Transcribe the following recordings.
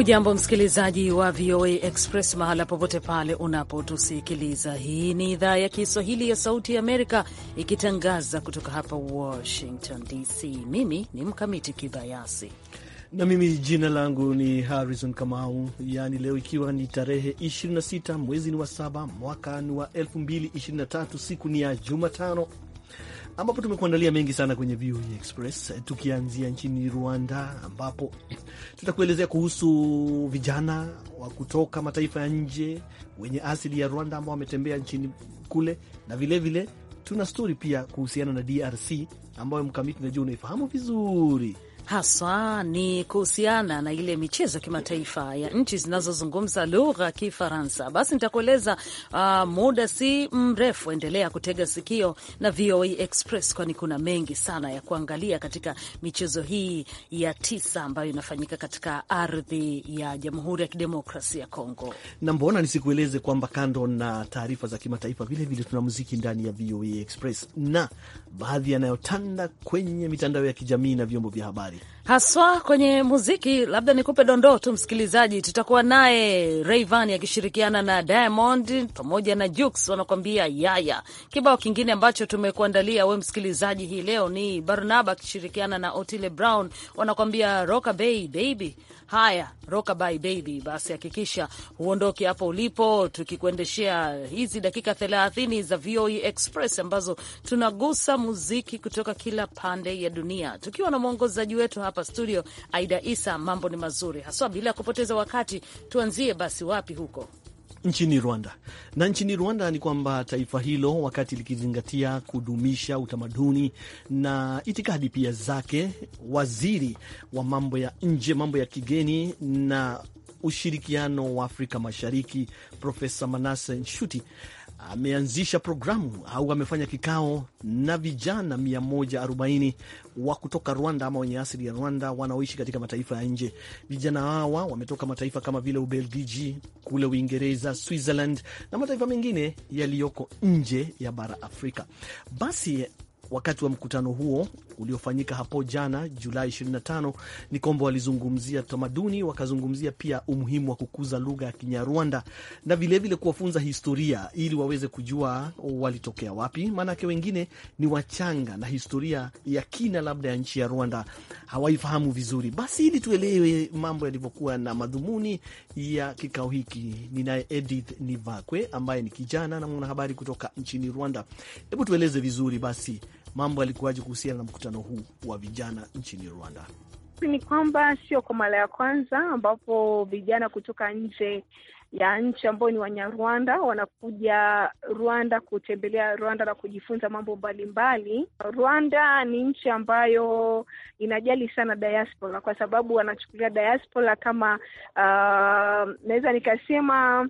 Hujambo msikilizaji wa VOA Express mahala popote pale unapotusikiliza. Hii ni idhaa ya Kiswahili ya Sauti ya Amerika ikitangaza kutoka hapa Washington DC. Mimi ni Mkamiti Kibayasi na mimi jina langu ni Harrison Kamau. Yaani leo ikiwa ni tarehe 26 mwezi ni wa saba mwaka ni wa 2023 siku ni ya Jumatano ambapo tumekuandalia mengi sana kwenye VOA Express, tukianzia nchini Rwanda ambapo tutakuelezea kuhusu vijana wa kutoka mataifa ya nje wenye asili ya Rwanda ambao wametembea nchini kule, na vilevile vile, tuna stori pia kuhusiana na DRC ambayo mkamiti najua unaifahamu vizuri haswa ni kuhusiana na ile michezo ya kimataifa ya nchi zinazozungumza lugha ya Kifaransa. Basi nitakueleza uh, muda si mrefu. Endelea kutega sikio na VOA Express, kwani kuna mengi sana ya kuangalia katika michezo hii ya tisa ambayo inafanyika katika ardhi ya Jamhuri ya Kidemokrasia ya Kongo. Na mbona nisikueleze kwamba kando na taarifa za kimataifa vilevile tuna muziki ndani ya VOA Express na baadhi yanayotanda kwenye mitandao ya kijamii na vyombo vya habari habari haswa kwenye muziki. Labda nikupe dondoo tu, msikilizaji, tutakuwa naye Rayvan akishirikiana na Diamond pamoja na Jux wanakuambia yaya. Kibao kingine ambacho tumekuandalia we msikilizaji hii leo ni Barnaba akishirikiana na Otile Brown wanakuambia Rockabye baby Haya, Rokaby Baby, basi hakikisha uondoke hapo ulipo, tukikuendeshea hizi dakika thelathini za VOE Express ambazo tunagusa muziki kutoka kila pande ya dunia, tukiwa na mwongozaji wetu hapa studio Aida Isa. Mambo ni mazuri haswa, bila kupoteza wakati, tuanzie basi wapi huko nchini Rwanda. Na nchini Rwanda ni kwamba taifa hilo wakati likizingatia kudumisha utamaduni na itikadi pia zake, waziri wa mambo ya nje, mambo ya kigeni na ushirikiano wa Afrika Mashariki Profesa Manase Nshuti ameanzisha programu au amefanya kikao na vijana 140 wa kutoka Rwanda ama wenye asili ya Rwanda wanaoishi katika mataifa ya nje. Vijana hawa wametoka mataifa kama vile Ubelgiji, kule Uingereza, Switzerland na mataifa mengine yaliyoko nje ya bara Afrika. Basi wakati wa mkutano huo uliofanyika hapo jana Julai 25 ni kwamba walizungumzia tamaduni, wakazungumzia pia umuhimu wa kukuza lugha ya Kinyarwanda na vilevile kuwafunza historia ili waweze kujua walitokea wapi, maanake wengine ni wachanga na historia ya kina labda ya nchi ya Rwanda hawaifahamu vizuri. Basi ili tuelewe mambo yalivyokuwa na madhumuni ya kikao hiki, ninaye Edith Nivakwe ambaye ni kijana na mwanahabari kutoka nchini Rwanda. Hebu tueleze vizuri basi mambo yalikuwaje kuhusiana na mkutano huu wa vijana nchini Rwanda? Ni kwamba sio kwa mara ya kwanza ambapo vijana kutoka nje ya nchi ambao ni Wanyarwanda wanakuja Rwanda kutembelea Rwanda na kujifunza mambo mbalimbali. Rwanda ni nchi ambayo inajali sana diaspora, kwa sababu wanachukulia diaspora kama uh, naweza nikasema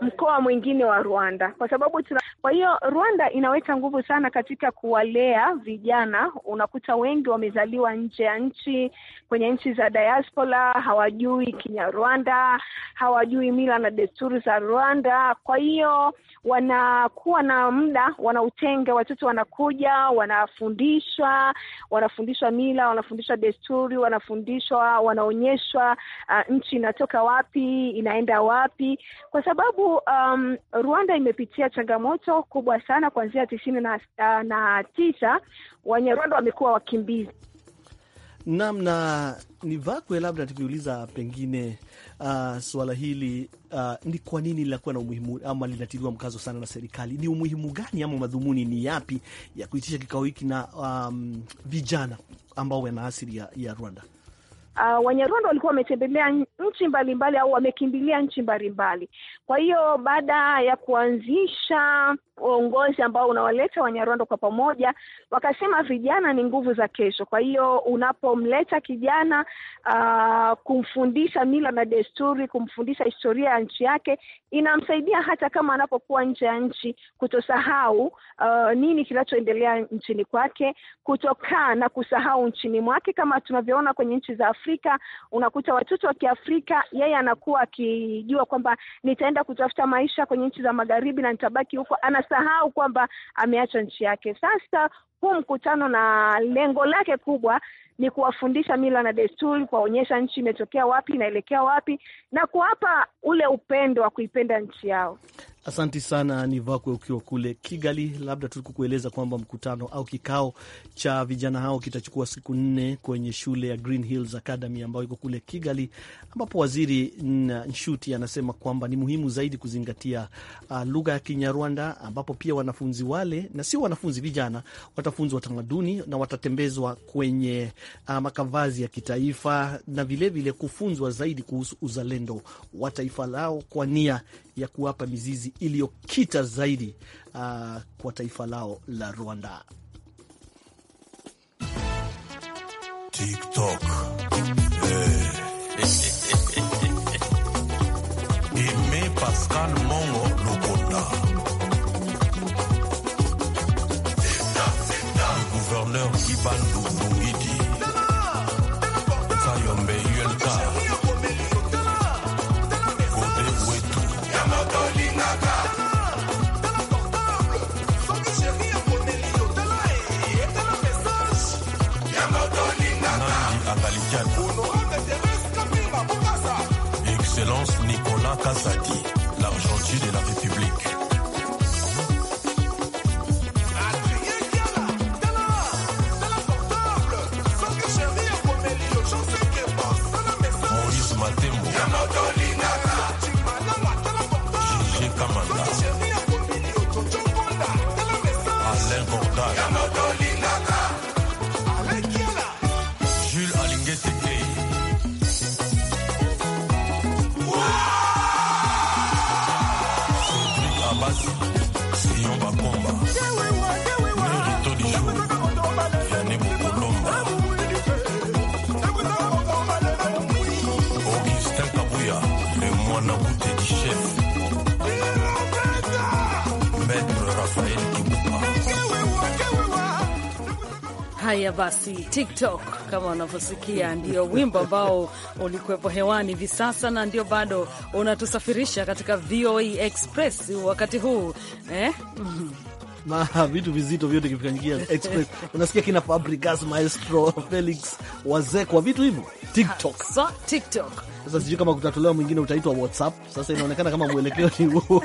mkoa mwingine wa Rwanda, kwa sababu tuna, kwa hiyo Rwanda inaweka nguvu sana katika kuwalea vijana. Unakuta wengi wamezaliwa nje ya nchi, kwenye nchi za diaspora, hawajui Kinyarwanda, hawajui mila na desturi za Rwanda. Kwa hiyo wanakuwa na muda wanautenga, watoto wanakuja, wanafundishwa, wanafundishwa mila, wanafundishwa desturi, wanafundishwa, wanaonyeshwa uh, nchi inatoka wapi, inaenda wapi, kwa sababu sababu um, Rwanda imepitia changamoto kubwa sana kuanzia tisini na, uh, na tisa Rwanda wamekuwa wakimbizi namna ni vakwe. Labda tukiuliza pengine, uh, suala hili uh, ni kwa nini linakuwa na umuhimu ama linatiliwa mkazo sana na serikali? Ni umuhimu gani ama madhumuni ni yapi ya kuitisha kikao hiki na um, vijana ambao wana asili ya, ya Rwanda? Uh, Wanyarwanda walikuwa wametembelea nchi mbalimbali au wamekimbilia nchi mbalimbali. Kwa hiyo baada ya kuanzisha uongozi ambao unawaleta Wanyarwanda kwa pamoja, wakasema vijana ni nguvu za kesho. Kwa hiyo unapomleta kijana uh, kumfundisha mila na desturi, kumfundisha historia ya nchi yake, inamsaidia hata kama anapokuwa nje ya nchi kutosahau uh, nini kinachoendelea nchini kwake, kutokaa na kusahau nchini mwake. Kama tunavyoona kwenye nchi za Afrika, unakuta watoto wa Kiafrika, yeye anakuwa akijua kwamba nitaenda nitaenda kutafuta maisha kwenye nchi za magharibi na nitabaki huko, anasahau kwamba ameacha nchi yake. Sasa huu mkutano na lengo lake kubwa ni kuwafundisha mila na desturi, kuwaonyesha nchi imetokea wapi, inaelekea wapi, na kuwapa ule upendo wa kuipenda nchi yao. Asanti sana Nivakwe, ukiwa kule Kigali. Labda tukukueleza kwamba mkutano au kikao cha vijana hao kitachukua siku nne kwenye shule ya Green Hills Academy ambayo iko kule Kigali, ambapo waziri Nshuti anasema kwamba ni muhimu zaidi kuzingatia uh, lugha ya Kinyarwanda, ambapo pia wanafunzi wale na sio wanafunzi vijana watafunzwa tamaduni na watatembezwa kwenye uh, makavazi ya kitaifa na vilevile kufunzwa zaidi kuhusu uzalendo wa taifa lao kwa nia ya kuwapa mizizi iliyokita zaidi uh, kwa taifa lao la Rwanda. TikTok. Hey. Eh. Nicolas Casadi, l'argentier de la République. Haya basi, TikTok kama unavyosikia, ndio wimbo ambao ulikuwepo hewani hivi sasa, na ndio bado unatusafirisha katika VOA e Express wakati huu eh? na vitu vizito vyote kivikanyikia express unasikia kina Fabregas, Maestro Felix, Wazekwa, vitu hivyo TikTok. So, TikTok. Sasa sijui kama kutatolewa mwingine utaitwa WhatsApp. Sasa inaonekana kama mwelekeo ni huu.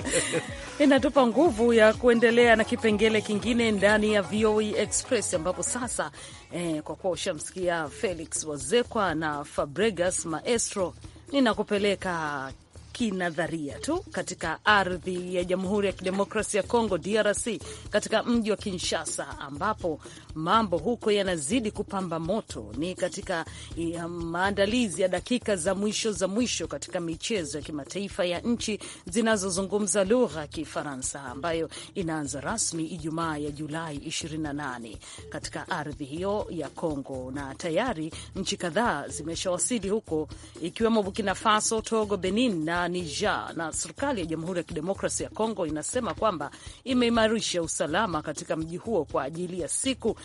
Inatupa nguvu ya kuendelea na kipengele kingine ndani ya VOE Express ambapo sasa eh, kwa kuwa ushamsikia Felix Wazekwa na Fabregas Maestro, ninakupeleka kinadharia tu katika ardhi ya Jamhuri ya Kidemokrasia ya Kongo, DRC, katika mji wa Kinshasa, ambapo mambo huko yanazidi kupamba moto, ni katika um, maandalizi ya dakika za mwisho za mwisho katika michezo ya kimataifa ya nchi zinazozungumza lugha ya Kifaransa ambayo inaanza rasmi Ijumaa ya Julai 28 katika ardhi hiyo ya Kongo, na tayari nchi kadhaa zimeshawasili huko ikiwemo Burkina Faso, Togo, Benin na Niger, na serikali ya Jamhuri ya Kidemokrasi ya Kongo inasema kwamba imeimarisha usalama katika mji huo kwa ajili ya siku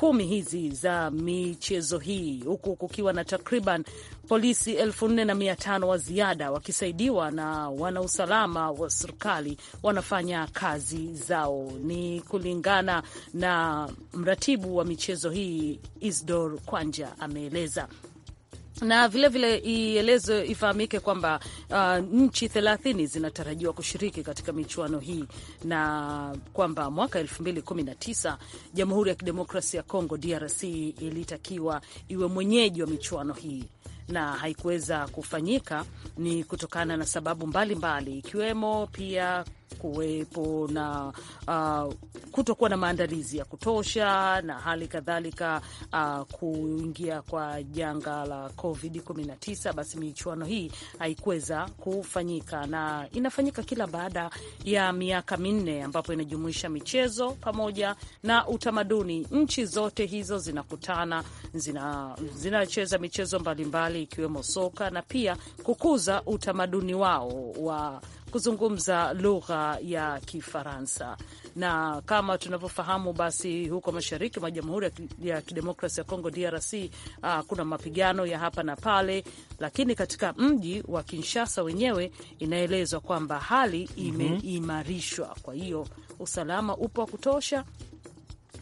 kumi hizi za michezo hii, huku kukiwa na takriban polisi elfu nne na mia tano wa ziada wakisaidiwa na wanausalama wa serikali wanafanya kazi zao. Ni kulingana na mratibu wa michezo hii Isdor Kwanja ameeleza na vilevile ielezwe ifahamike kwamba uh, nchi thelathini zinatarajiwa kushiriki katika michuano hii na kwamba mwaka tisa Jamhuri ya Kidemokrasia ya Kongo DRC ilitakiwa iwe mwenyeji wa michuano hii na haikuweza kufanyika, ni kutokana na sababu mbalimbali mbali, ikiwemo pia kuwepo na uh, kutokuwa na maandalizi ya kutosha na hali kadhalika uh, kuingia kwa janga la Covid 19, basi michuano hii haikuweza kufanyika, na inafanyika kila baada ya miaka minne, ambapo inajumuisha michezo pamoja na utamaduni. Nchi zote hizo zinakutana, zinacheza zina michezo mbalimbali ikiwemo soka na pia kukuza utamaduni wao wa kuzungumza lugha ya Kifaransa. Na kama tunavyofahamu, basi huko mashariki mwa Jamhuri ya Kidemokrasi ya Kongo, DRC, uh, kuna mapigano ya hapa na pale, lakini katika mji wa Kinshasa wenyewe inaelezwa kwamba hali mhm. imeimarishwa. Kwa hiyo usalama upo wa kutosha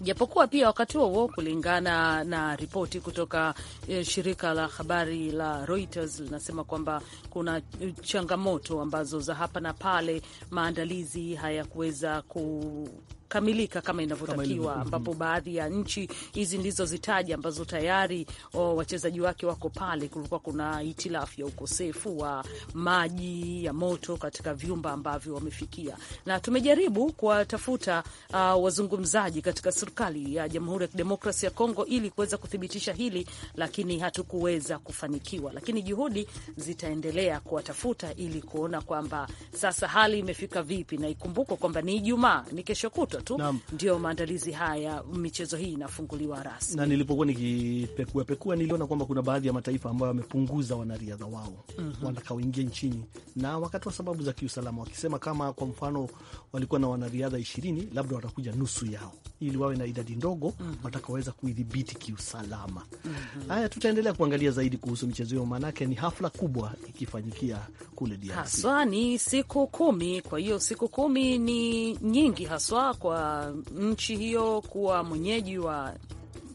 japokuwa pia wakati huo kulingana na ripoti kutoka e, shirika la habari la Reuters linasema kwamba kuna eh, changamoto ambazo za hapa na pale, maandalizi hayakuweza ku kukamilika kama inavyotakiwa, ambapo mhm. baadhi ya nchi hizi ndizo zitaji ambazo tayari wachezaji wake wako pale. Kulikuwa kuna hitilafu ya ukosefu wa maji ya moto katika vyumba ambavyo wamefikia, na tumejaribu kuwatafuta uh, wazungumzaji katika serikali ya Jamhuri ya Kidemokrasi ya Kongo ili kuweza kuthibitisha hili, lakini hatukuweza kufanikiwa, lakini juhudi zitaendelea kuwatafuta ili kuona kwamba sasa hali imefika vipi, na ikumbukwe kwamba ni Ijumaa, ni kesho kutwa watoto tu ndio maandalizi haya michezo hii inafunguliwa rasmi. Na nilipokuwa nikipekua pekua niliona kwamba kuna baadhi ya mataifa ambayo wamepunguza wanariadha wao mm -hmm. watakaoingia nchini na wakatoa sababu za kiusalama, wakisema kama kwa mfano walikuwa na wanariadha ishirini, labda watakuja nusu yao ili wawe na idadi ndogo mm -hmm. watakaweza kuidhibiti kiusalama. mm -hmm. Haya, tutaendelea kuangalia zaidi kuhusu michezo hiyo, maanake ni hafla kubwa ikifanyikia kule DRC haswa. Ni siku kumi, kwa hiyo siku kumi ni nyingi haswa kwa nchi hiyo kuwa mwenyeji wa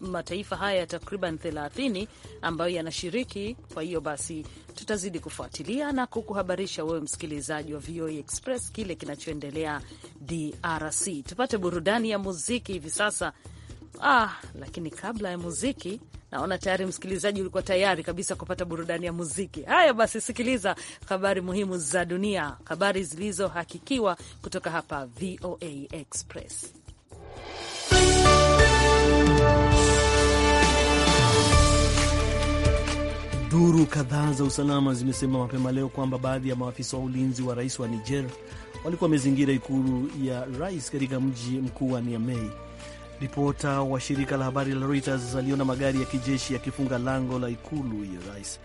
mataifa haya ya takriban thelathini ambayo yanashiriki. Kwa hiyo basi tutazidi kufuatilia na kukuhabarisha wewe msikilizaji wa VOA e Express kile kinachoendelea DRC. Tupate burudani ya muziki hivi sasa. Ah, lakini kabla ya muziki naona tayari msikilizaji ulikuwa tayari kabisa kupata burudani ya muziki. Haya basi, sikiliza habari muhimu za dunia, habari zilizohakikiwa kutoka hapa VOA e Express. Duru kadhaa za usalama zimesema mapema leo kwamba baadhi ya maafisa wa ulinzi wa rais wa Niger walikuwa wamezingira ikulu ya rais katika mji mkuu wa Niamey. Ripota wa shirika la habari la Reuters aliona magari ya kijeshi yakifunga lango la ikulu ya rais.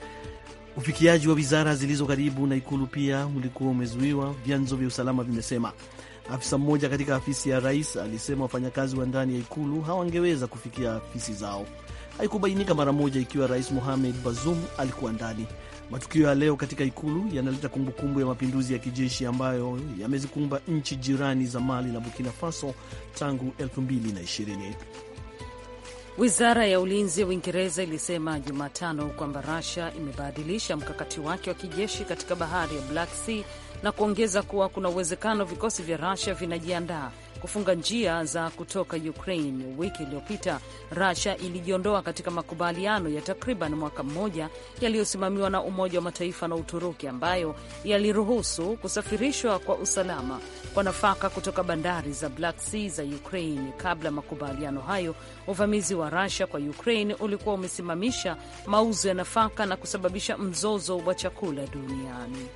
Ufikiaji wa wizara zilizo karibu na ikulu pia ulikuwa umezuiwa, vyanzo vya usalama vimesema. Afisa mmoja katika afisi ya rais alisema wafanyakazi wa ndani ya ikulu hawangeweza kufikia afisi zao haikubainika mara moja ikiwa rais Mohamed Bazoum alikuwa ndani. Matukio ya leo katika ikulu yanaleta kumbukumbu ya mapinduzi ya kijeshi ambayo yamezikumba nchi jirani za Mali na Burkina Faso tangu 2020. Wizara ya ulinzi ya Uingereza ilisema Jumatano kwamba rusia imebadilisha mkakati wake wa kijeshi katika bahari ya Black Sea na kuongeza kuwa kuna uwezekano vikosi vya rusia vinajiandaa kufunga njia za kutoka Ukraine. Wiki iliyopita Russia ilijiondoa katika makubaliano ya takriban mwaka mmoja yaliyosimamiwa na Umoja wa Mataifa na Uturuki ambayo yaliruhusu kusafirishwa kwa usalama kwa nafaka kutoka bandari za Black Sea za Ukraine. Kabla makubaliano hayo, uvamizi wa Russia kwa Ukraine ulikuwa umesimamisha mauzo ya nafaka na kusababisha mzozo wa chakula duniani.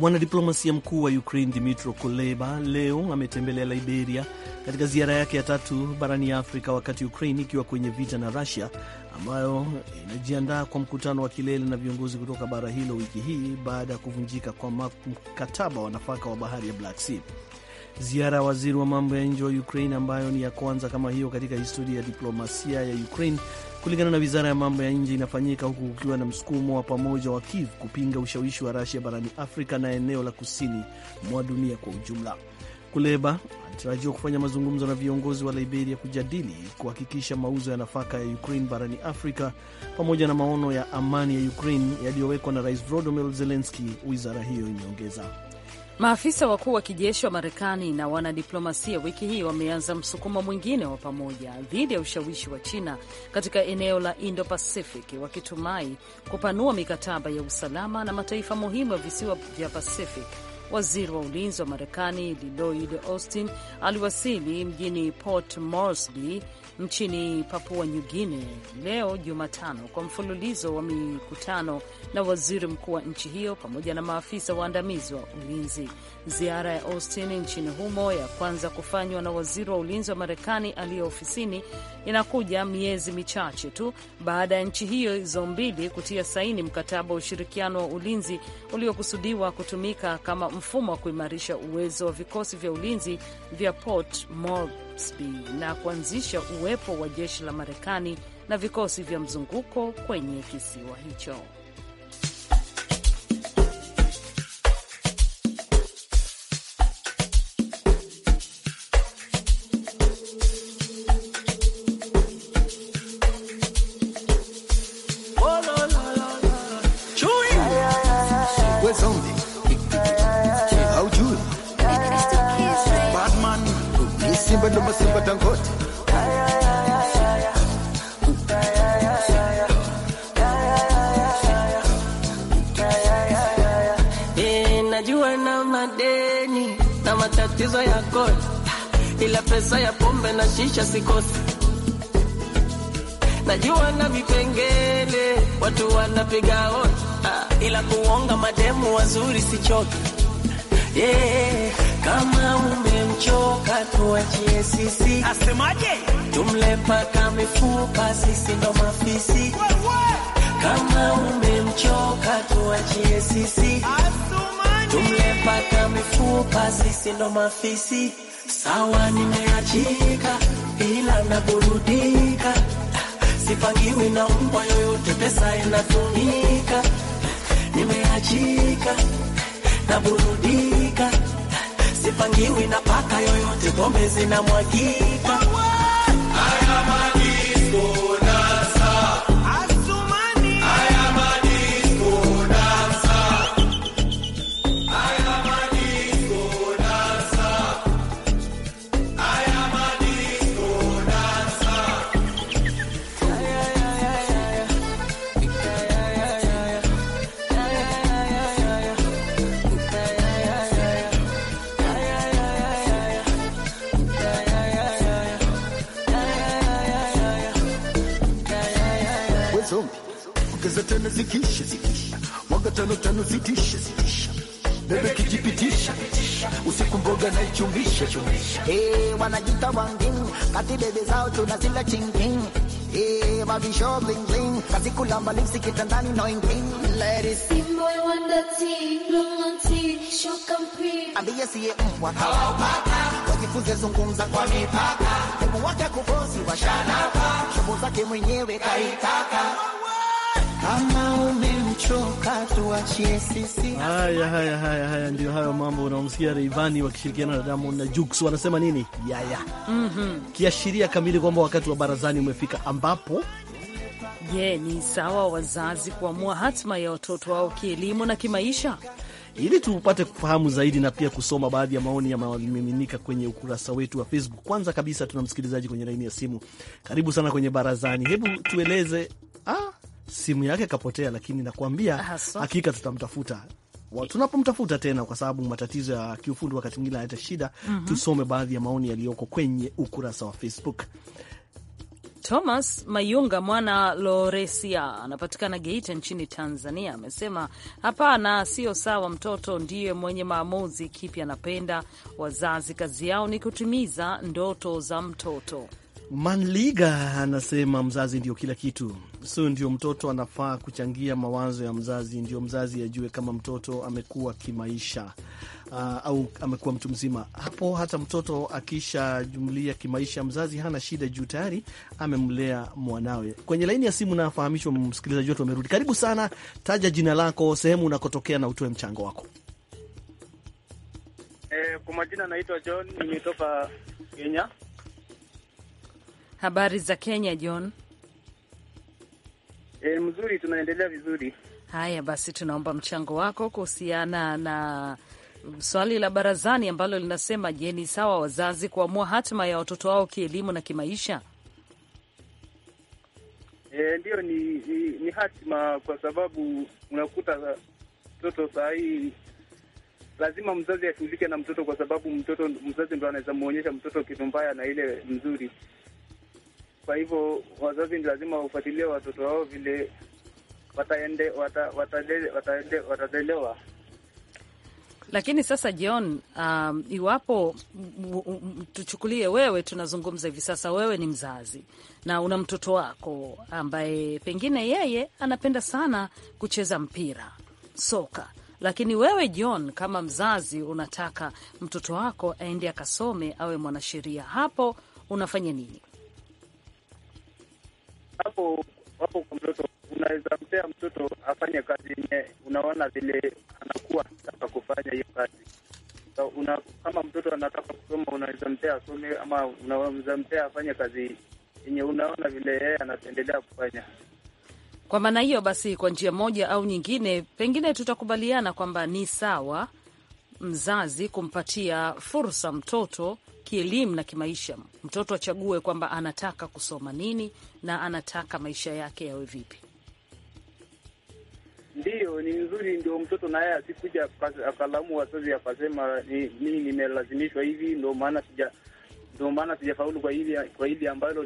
Mwanadiplomasia mkuu wa Ukraine Dmytro Kuleba leo ametembelea Liberia katika ziara yake ya tatu barani Afrika, wakati Ukraine ikiwa kwenye vita na Russia ambayo inajiandaa kwa mkutano wa kilele na viongozi kutoka bara hilo wiki hii baada ya kuvunjika kwa mkataba wa nafaka wa bahari ya Black Sea. Ziara ya waziri wa mambo ya nje wa Ukraine ambayo ni ya kwanza kama hiyo katika historia ya diplomasia ya Ukraine kulingana na wizara ya mambo ya nje, inafanyika huku kukiwa na msukumo wa pamoja wa Kiev kupinga ushawishi wa rasia barani Afrika na eneo la kusini mwa dunia kwa ujumla. Kuleba anatarajiwa kufanya mazungumzo na viongozi wa Liberia kujadili kuhakikisha mauzo ya nafaka ya Ukraine barani Afrika pamoja na maono ya amani ya Ukraine yaliyowekwa na Rais Volodymyr Zelensky, wizara hiyo imeongeza. Maafisa wakuu wa kijeshi wa Marekani na wanadiplomasia wiki hii wameanza msukumo mwingine wa pamoja dhidi ya ushawishi wa China katika eneo la Indo-Pacific, wakitumai kupanua mikataba ya usalama na mataifa muhimu ya visiwa vya Pacific. Waziri wa ulinzi wa Marekani Lloyd Austin aliwasili mjini Port Moresby nchini Papua New Guinea leo Jumatano kwa mfululizo wa mikutano na waziri mkuu wa nchi hiyo pamoja na maafisa waandamizi wa ulinzi. Ziara ya Austin nchini humo ya kwanza kufanywa na waziri wa ulinzi wa Marekani aliyo ofisini inakuja miezi michache tu baada ya nchi hiyo hizo mbili kutia saini mkataba wa ushirikiano wa ulinzi uliokusudiwa kutumika kama mfumo wa kuimarisha uwezo wa vikosi vya ulinzi vya Port Moresby Camp na kuanzisha uwepo wa jeshi la Marekani na vikosi vya mzunguko kwenye kisiwa hicho. Dangote. Eh, najua na madeni na matatizo ya kodi, ila pesa ya pombe na shisha sikosi. Najua na vipengele watu wanapiga hodi, ah, ila kuonga mademu wazuri sichoki, yeah. Kama umemchoka tuachie sisi. Asemaje? Tumle paka mifupa, sisi ndo mafisi. Kama umemchoka tuachie sisi. Tumle paka mifupa, sisi ndo mafisi. Sawa, nimeachika ila naburudika, sipangiwi na mbwa yoyote, pesa inatumika. Nimeachika naburudika sipangiwi na paka yoyote, pombe zinamwagika Mwaga tena zikisha zikisha, mwaga tano tano zitisha zitisha, bebe kijipitisha usiku mboga na ichungisha chungisha. Hey, eh, wanajita wangin kati bebe zao tunazila chingin Hey, eh, babisho bling bling kazi kulamba lipsi kitandani no ingin Ladies in boy wanda tea, long on tea, show complete Ambia siye mbwa kawapaka wajifunze zungumza kwa mipaka Hebu wake kufosi washanaka shobo zake mwenyewe kaitaka Haya, haya, haya, haya ndio hayo mambo unaomsikia Reivani wakishirikiana na Diamond na Jux. Wanasema nini? Yaya, mm -hmm. Kiashiria kamili kwamba wakati wa barazani umefika ambapo je, yeah, ni sawa wazazi kuamua hatima ya watoto wao kielimu na kimaisha ili tupate kufahamu zaidi na pia kusoma baadhi ya maoni yamemiminika kwenye ukurasa wetu wa Facebook. Kwanza kabisa tuna msikilizaji kwenye laini ya simu. Karibu sana kwenye barazani, hebu tueleze ah, simu yake kapotea, lakini nakuambia hakika tutamtafuta tunapomtafuta tena, kwa sababu matatizo ya kiufundi wakati mwingine analeta shida. mm -hmm. Tusome baadhi ya maoni yaliyoko kwenye ukurasa wa Facebook. Thomas Mayunga mwana Loresia anapatikana Geita nchini Tanzania, amesema hapana, sio sawa. Mtoto ndiye mwenye maamuzi kipi anapenda. Wazazi kazi yao ni kutimiza ndoto za mtoto. Manliga anasema mzazi ndio kila kitu, so ndio mtoto anafaa kuchangia mawazo ya mzazi, ndio mzazi ajue kama mtoto amekuwa kimaisha uh, au amekuwa mtu mzima. Hapo hata mtoto akishajumlia kimaisha, mzazi hana shida juu tayari amemlea mwanawe. Kwenye laini ya simu nafahamishwa msikilizaji wetu amerudi. Karibu sana, taja jina lako, sehemu unakotokea na utoe mchango wako. Eh, kwa majina naitwa John, nimetoka Kenya. Habari za Kenya, John? E, mzuri, tunaendelea vizuri. Haya basi, tunaomba mchango wako kuhusiana na swali la barazani ambalo linasema, je, ni sawa wazazi kuamua hatima ya watoto wao kielimu na kimaisha? E, eh, ndiyo, ni, ni, ni hatima kwa sababu unakuta mtoto saa hii lazima mzazi ashughulike na mtoto, kwa sababu mtoto mzazi ndo anaweza mwonyesha mtoto kitu mbaya na ile mzuri. Kwa hivyo wazazi ni lazima wafuatilie watoto wao vile wataende watalelewa. Lakini sasa John, um, iwapo tuchukulie wewe, tunazungumza hivi sasa, wewe ni mzazi na una mtoto wako ambaye pengine yeye anapenda sana kucheza mpira soka, lakini wewe John, kama mzazi, unataka mtoto wako aende akasome awe mwanasheria, hapo unafanya nini? hapo hapo kwa mtoto unaweza mpea mtoto afanye kazi yenye unaona vile anakuwa anataka kufanya hiyo kazi. So, una, kama mtoto anataka kusoma unaweza mpea asome, ama unaweza mpea afanye kazi yenye unaona vile yeye anapendelea kufanya. Kwa maana hiyo basi, kwa njia moja au nyingine, pengine tutakubaliana kwamba ni sawa mzazi kumpatia fursa mtoto kielimu na kimaisha, mtoto achague kwamba anataka kusoma nini na anataka maisha yake yawe vipi. Ndiyo, ni nzuri, ndio mtoto naye asikuja akalamu wazazi akasema mii nimelazimishwa hivi, ndio maana sija ndio maana sijafaulu kwa hili kwa hili ambalo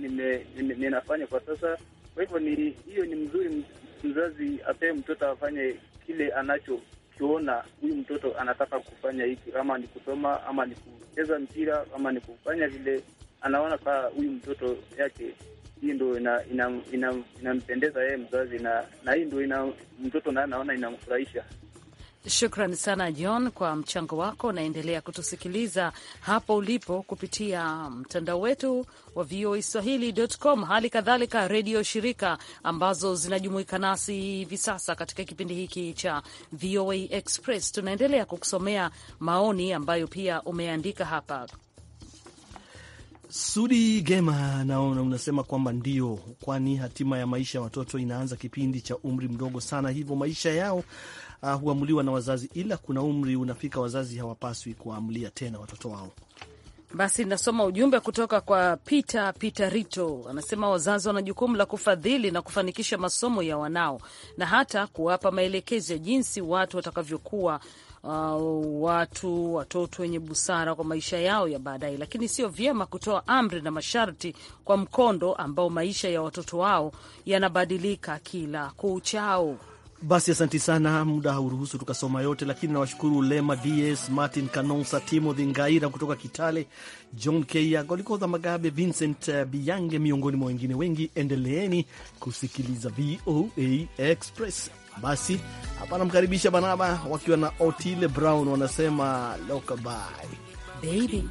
ninafanya kwa sasa. Kwa hivyo ni hiyo ni mzuri, mzazi apee mtoto afanye kile anacho ukiona huyu mtoto anataka kufanya hiki, ama ni kusoma, ama ni kucheza mpira, ama ni kufanya vile anaona kaa huyu mtoto yake, hii ndo inampendeza ina, ina, ina yeye mzazi, na na hii ndo ina mtoto naye anaona inamfurahisha. Shukran sana John kwa mchango wako. Unaendelea kutusikiliza hapo ulipo kupitia mtandao wetu wa VOA Swahili.com, hali kadhalika redio shirika ambazo zinajumuika nasi hivi sasa katika kipindi hiki cha VOA Express. Tunaendelea kukusomea maoni ambayo pia umeandika hapa. Sudi Gema, naona unasema kwamba ndio, kwani hatima ya maisha ya watoto inaanza kipindi cha umri mdogo sana, hivyo maisha yao uh, huamuliwa na wazazi, ila kuna umri unafika wazazi hawapaswi kuwaamlia tena watoto wao. Basi nasoma ujumbe kutoka kwa Peter Peter Rito, anasema wazazi wana jukumu la kufadhili na kufanikisha masomo ya wanao na hata kuwapa maelekezo ya jinsi watu watakavyokuwa Uh, watu watoto wenye busara kwa maisha yao ya baadaye, lakini sio vyema kutoa amri na masharti kwa mkondo ambao maisha ya watoto wao yanabadilika kila kuuchao basi asanti sana, muda hauruhusu tukasoma yote, lakini nawashukuru Lema DS, Martin Kanonsa, Timothy Ngaira kutoka Kitale, John Kea, Golikodha Magabe, Vincent eh, biange miongoni mwa wengine wengi. Endeleeni kusikiliza VOA Express. Basi hapa namkaribisha Banaba wakiwa na Otile Brown, wanasema lokabai baby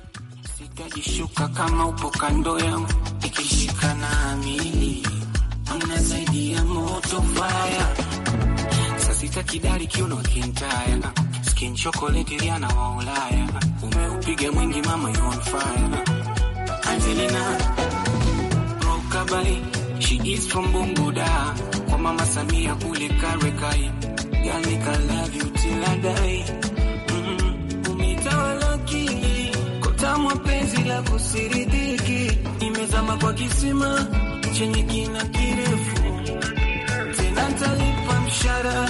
sitajishuka kama upo kando yangu ikishikana amili zaidi ya moto sitaki dari kiuno kintaya skin chocolate liana wa Ulaya umeupiga mwingi mama you on fire Angelina Rokabali she is from Bunguda kwa mama Samia kule Karekai girl I love you till I die mm -hmm. la kusiridiki imezama kwa kisima chenye kina kirefu tena talipa mshara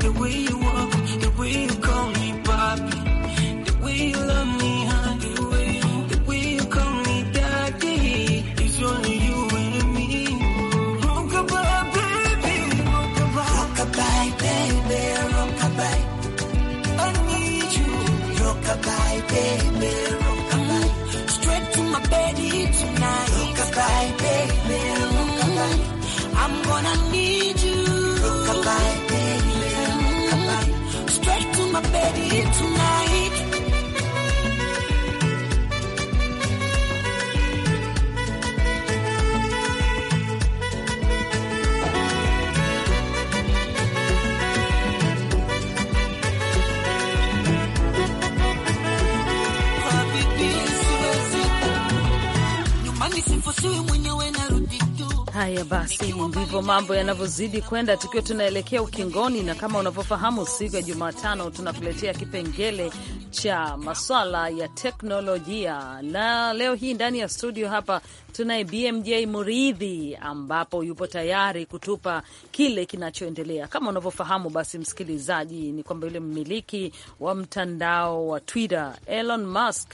Haya basi, ndivyo mambo yanavyozidi kwenda, tukiwa tunaelekea ukingoni, na kama unavyofahamu, siku ya Jumatano tunakuletea kipengele cha maswala ya teknolojia, na leo hii ndani ya studio hapa tunaye BMJ Muridhi, ambapo yupo tayari kutupa kile kinachoendelea. Kama unavyofahamu, basi msikilizaji, ni kwamba yule mmiliki wa mtandao wa Twitter Elon Musk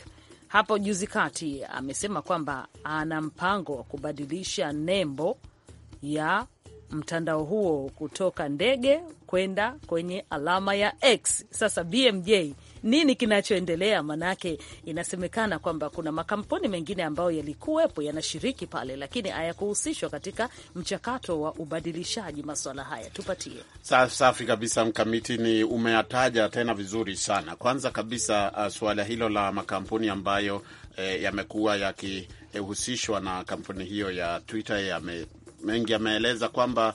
hapo juzi kati amesema kwamba ana mpango wa kubadilisha nembo ya mtandao huo kutoka ndege kwenda kwenye alama ya X. Sasa BMJ nini kinachoendelea, manake inasemekana kwamba kuna makampuni mengine ambayo yalikuwepo yanashiriki pale, lakini hayakuhusishwa katika mchakato wa ubadilishaji maswala haya. Tupatie safi kabisa. Mkamiti ni umeyataja tena vizuri sana. Kwanza kabisa uh, suala hilo la makampuni ambayo eh, yamekuwa yakihusishwa eh, na kampuni hiyo ya Twitter yame, mengi yameeleza kwamba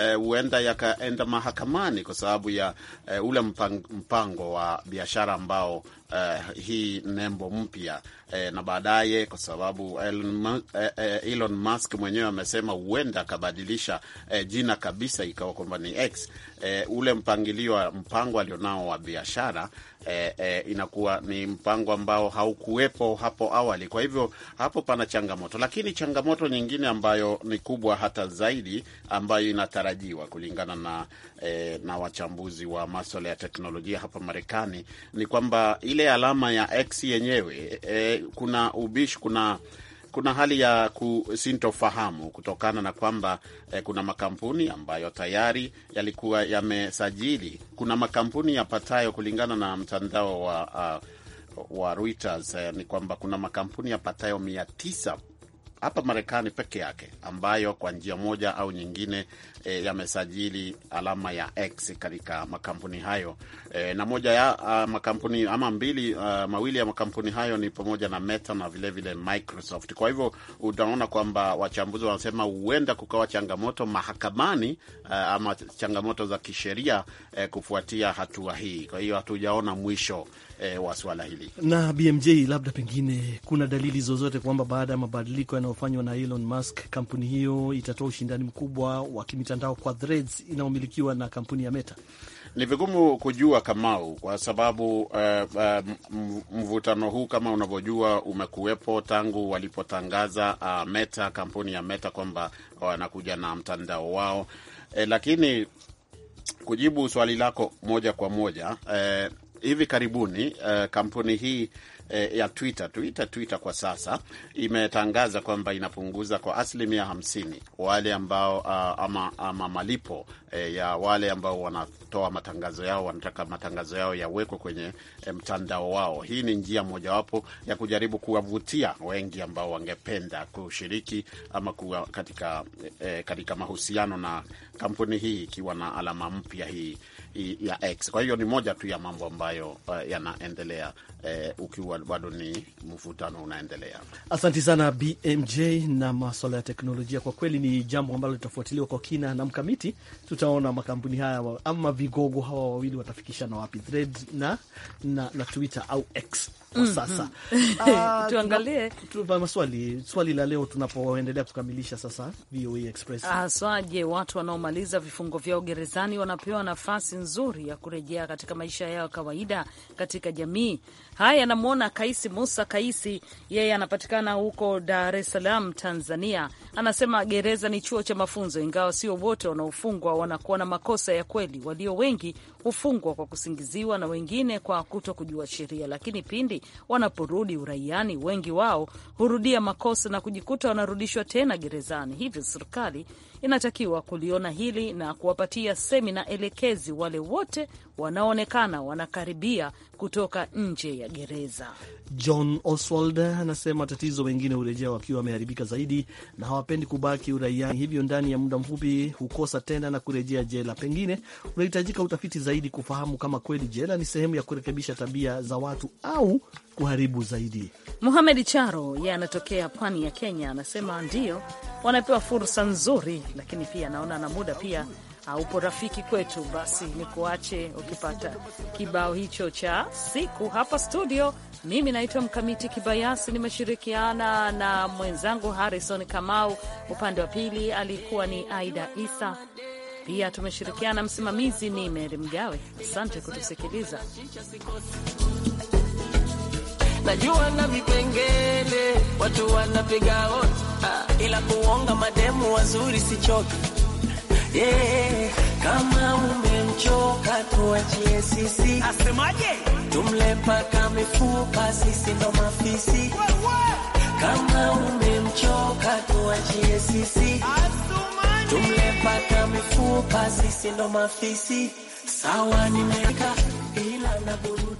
Eh, huenda eh, yakaenda mahakamani kwa sababu ya eh, ule mpango, mpango wa biashara ambao Uh, hii nembo mpya eh, na baadaye kwa sababu Elon, eh, eh, Elon Musk mwenyewe amesema huenda akabadilisha eh, jina kabisa ikawa kwamba ni X eh, ule mpangilio wa mpango alionao wa biashara eh, eh, inakuwa ni mpango ambao haukuwepo hapo awali. Kwa hivyo hapo pana changamoto, lakini changamoto nyingine ambayo ni kubwa hata zaidi ambayo inatarajiwa kulingana na, eh, na wachambuzi wa maswala ya teknolojia hapa Marekani ni kwamba ile alama ya X yenyewe eh, kuna ubishi, kuna kuna hali ya kusintofahamu kutokana na kwamba eh, kuna makampuni ambayo tayari yalikuwa yamesajili. Kuna makampuni yapatayo kulingana na mtandao wa, uh, wa Reuters eh, ni kwamba kuna makampuni yapatayo mia tisa hapa Marekani peke yake ambayo kwa njia moja au nyingine e, yamesajili alama ya X katika makampuni hayo e, na moja ya a, ah, makampuni ama mbili a, ah, mawili ya makampuni hayo ni pamoja na Meta na vilevile vile Microsoft. Kwa hivyo utaona kwamba wachambuzi wanasema huenda kukawa changamoto mahakamani a, eh, ama changamoto za kisheria e, kufuatia hatua hii. Kwa hiyo hatujaona mwisho e, wa swala hili. Na BMJ, labda pengine kuna dalili zozote kwamba baada ya mabadiliko yanayofanywa na Elon Musk, kampuni hiyo itatoa ushindani mkubwa wa kimitandao kwa Threads inayomilikiwa na kampuni ya Meta? Ni vigumu kujua Kamau, kwa sababu uh, uh, mvutano huu kama unavyojua umekuwepo tangu walipotangaza uh, Meta, kampuni ya Meta kwamba wanakuja na mtandao wao eh, lakini kujibu swali lako moja kwa moja eh, hivi karibuni uh, kampuni hii eh, ya Twitter, Twitter, Twitter kwa sasa imetangaza kwamba inapunguza kwa asilimia hamsini wale ambao ah, ama, ama malipo eh, ya wale ambao wanatoa matangazo yao, wanataka matangazo yao yawekwe kwenye eh, mtandao wao. Hii ni njia mojawapo ya kujaribu kuwavutia wengi ambao wangependa kushiriki ama kuwa katika, eh, katika mahusiano na kampuni hii ikiwa na alama mpya hii ya X. Kwa hiyo ni moja tu ya mambo ambayo uh, yanaendelea uh, ukiwa bado ni mvutano unaendelea. Asanti sana BMJ. Na maswala ya teknolojia kwa kweli ni jambo ambalo litafuatiliwa kwa kina na mkamiti, tutaona makampuni haya ama vigogo hawa wawili watafikishana wapi, Thread na, na, na Twitter au X kwa mm-hmm. sasa. Ah, Tuangalie maswali, swali la leo tunapoendelea kukamilisha sasa VOA e Express aswaje, watu wanaomaliza vifungo vyao gerezani wanapewa nafasi nzuri ya kurejea katika maisha yao kawaida katika jamii. Haya, namwona namwona Kaisi Musa Kaisi, yeye anapatikana huko Dar es Salaam, Tanzania. Anasema gereza ni chuo cha mafunzo, ingawa sio wote wanaofungwa wanakuwa na makosa ya kweli. Walio wengi hufungwa kwa kusingiziwa na wengine kwa kuto kujua sheria, lakini pindi wanaporudi uraiani, wengi wao hurudia makosa na kujikuta wanarudishwa tena gerezani. Hivyo serikali inatakiwa kuliona hili na kuwapatia semina elekezi wale wote wanaoonekana wanakaribia kutoka nje ya gereza. John Oswald anasema tatizo, wengine hurejea wakiwa wameharibika zaidi na hawapendi kubaki uraiani, hivyo ndani ya muda mfupi hukosa tena na kurejea jela. Pengine unahitajika utafiti zaidi kufahamu kama kweli jela ni sehemu ya kurekebisha tabia za watu au kuharibu zaidi. Muhamed Charo ye anatokea pwani ya Kenya, anasema ndiyo, wanapewa fursa nzuri, lakini pia anaona na muda pia haupo rafiki kwetu, basi ni kuache ukipata kibao hicho cha siku hapa studio. Mimi naitwa Mkamiti Kibayasi, nimeshirikiana na mwenzangu Harrison Kamau, upande wa pili alikuwa ni Aida Isa, pia tumeshirikiana, msimamizi ni Meri Mgawe. Asante kutusikiliza. Najua na vipengele watu wanapiga, ah, ila kuonga mademu wazuri sichoki Yeah, kama umemchoka tuachie sisi. Asemaje? Tumle paka mifupa sisi ndo mafisi. Kama umemchoka tuachie sisi. Tumle paka mifupa sisi ndo mafisi. Sawa nimeka ila na burudi